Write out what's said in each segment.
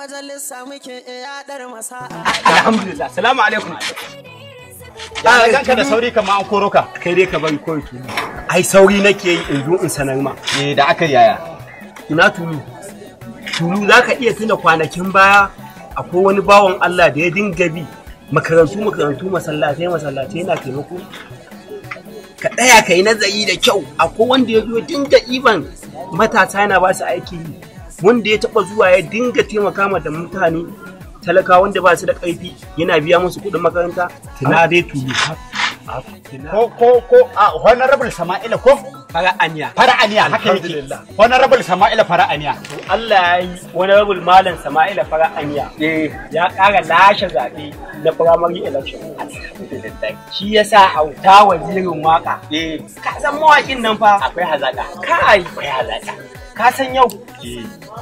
majalisa muke eh, yaɗar masa'a. Alhamdulillah, salamu alaikum. Ya ganka da sauri kamar an koro ka. Kai dai ka bari kawai tulu. Ai sauri nake yi in zo in sanar ma. Eh da aka yaya. Ina tulu. Tulu za ka iya tuna kwanakin baya akwai wani bawan Allah da ya dinga bi makarantu makarantu masallatai masallatai yana taimako. Ka ɗaya ka yi nazari da kyau akwai wanda ya zo dinga iban matasa yana ba su aiki wanda ya taba zuwa ya dinga taimaka ma da mutane talaka wanda ba su da ƙarfi yana biya musu kuɗin makaranta tana dai tuni? ko ko ko a honorable sama'ila ko fara aniya fara aniya haka yake honorable sama'ila fara aniya Allah ya yi honorable malam sama'ila fara aniya eh. ya ƙara lashe zaɓe na primary election shi ya sa hauta wazirin waka eh. ka san mawakin nan fa akwai hazaƙa kai akwai hazaƙa ka san yau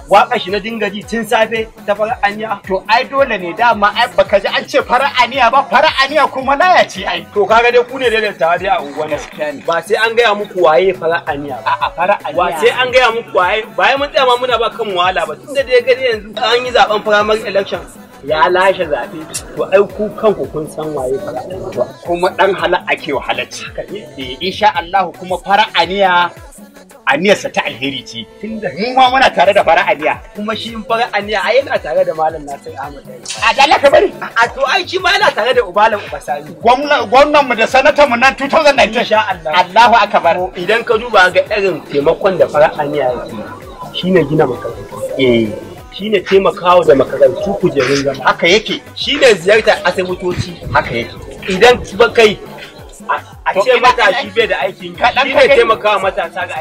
waka shi na dinga ji tun safe ta fara aniya to ai dole ne dama ai baka ji an ce fara aniya ba fara aniya kuma ya ce ai to kaga dai ku ne da ta dai a unguwa gaskiya ne ba sai an gaya muku waye fara aniya ba a fara aniya ba sai an gaya muku waye bayan mun tsaya ma muna ba kan wahala ba tunda da ya gani yanzu an yi zaben primary election ya lashe zaɓe to ai ku kanku kun san waye fara kuma dan hala ake halacci eh, insha Allah kuma fara aniya aniyarsa ta alheri ce mu ma muna tare da fara aniya kuma shi in fara aniya a yana tare da malam Nasir Ahmad a dala ka bari a to ai shi ma yana tare da ubalan ubasani gwamnan mu da sanata mu nan 2019 insha Allah Allahu akbar idan ka duba ga irin taimakon da fara aniya yake shine gina makarantu eh shine taimakawa da makarantu kujerun zama haka yake shine ziyartar asibitoci haka yake idan kai ce matashi bai da aikin matasa ga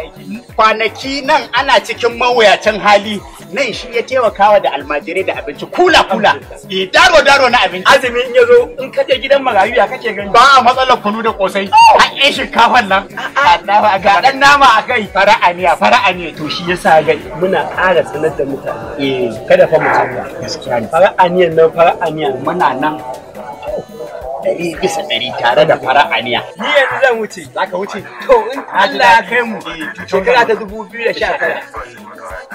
kwanaki nan ana cikin mawuyacin hali nan shi ya taimakawa da almajirai da abinci kula kula e daro daro na abinci azumi in yazo in kaje gidan marayu ya kake gani ba a matsalar kunu da kosai shi kafan nan ga dan nama a kai fara'a ne fara'a ne to shi yasa ga muna ƙara sanar da mutane eh kada fa mu canza gaskiya fara'a ne nan fara'a ne muna nan ɗari bisa ɗari tare da fara aniya. Ni yanzu zan wuce. Za ka wuce? To in Allah ya kai mu shekara ta dubu biyu da sha tara.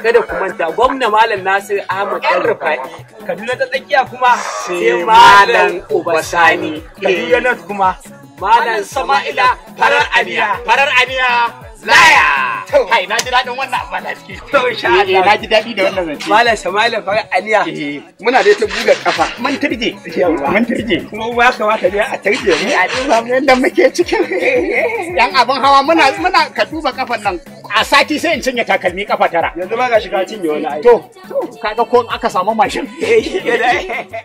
Kada ku manta gwamna Malam Nasir Ahmad ɗan Rufa'i. Kaduna ta tsakiya kuma sai Malam Ubasani. Kaduna North kuma. Malam Sama'ila farar aniya. Farar aniya. laya kai na ji daɗin wannan abu na ciki to insha Allah eh, na ji daɗi da wannan zance malam Sama'ila fara aliya eh. muna dai ta buga kafa mun turje mun turje kuma ba kamata ne a turje mu eh, a duba yanda muke cikin yan abin hawa muna muna ka duba kafan nan a sati sai in cinye takalmi kafa tara yanzu ba ga shiga cinye wani to kaga ko aka samu mashin